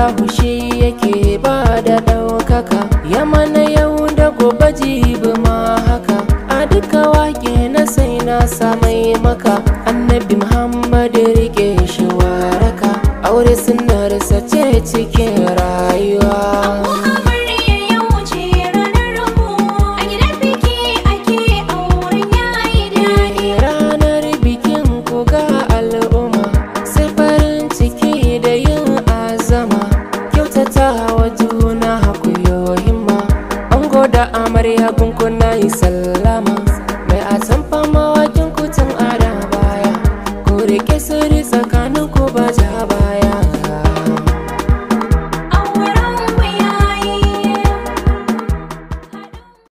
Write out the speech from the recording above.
Allahu shi yake ba da ɗaukaka ya mana yau da gobe jibi ma haka a duka wake na sai na samai maka annabi Muhammad rike shi waraka aure sunarsa ce cikin amarya gunku na yi sallama mai a san fama kutan ada baya ku rike sirri tsakanin ku ba ja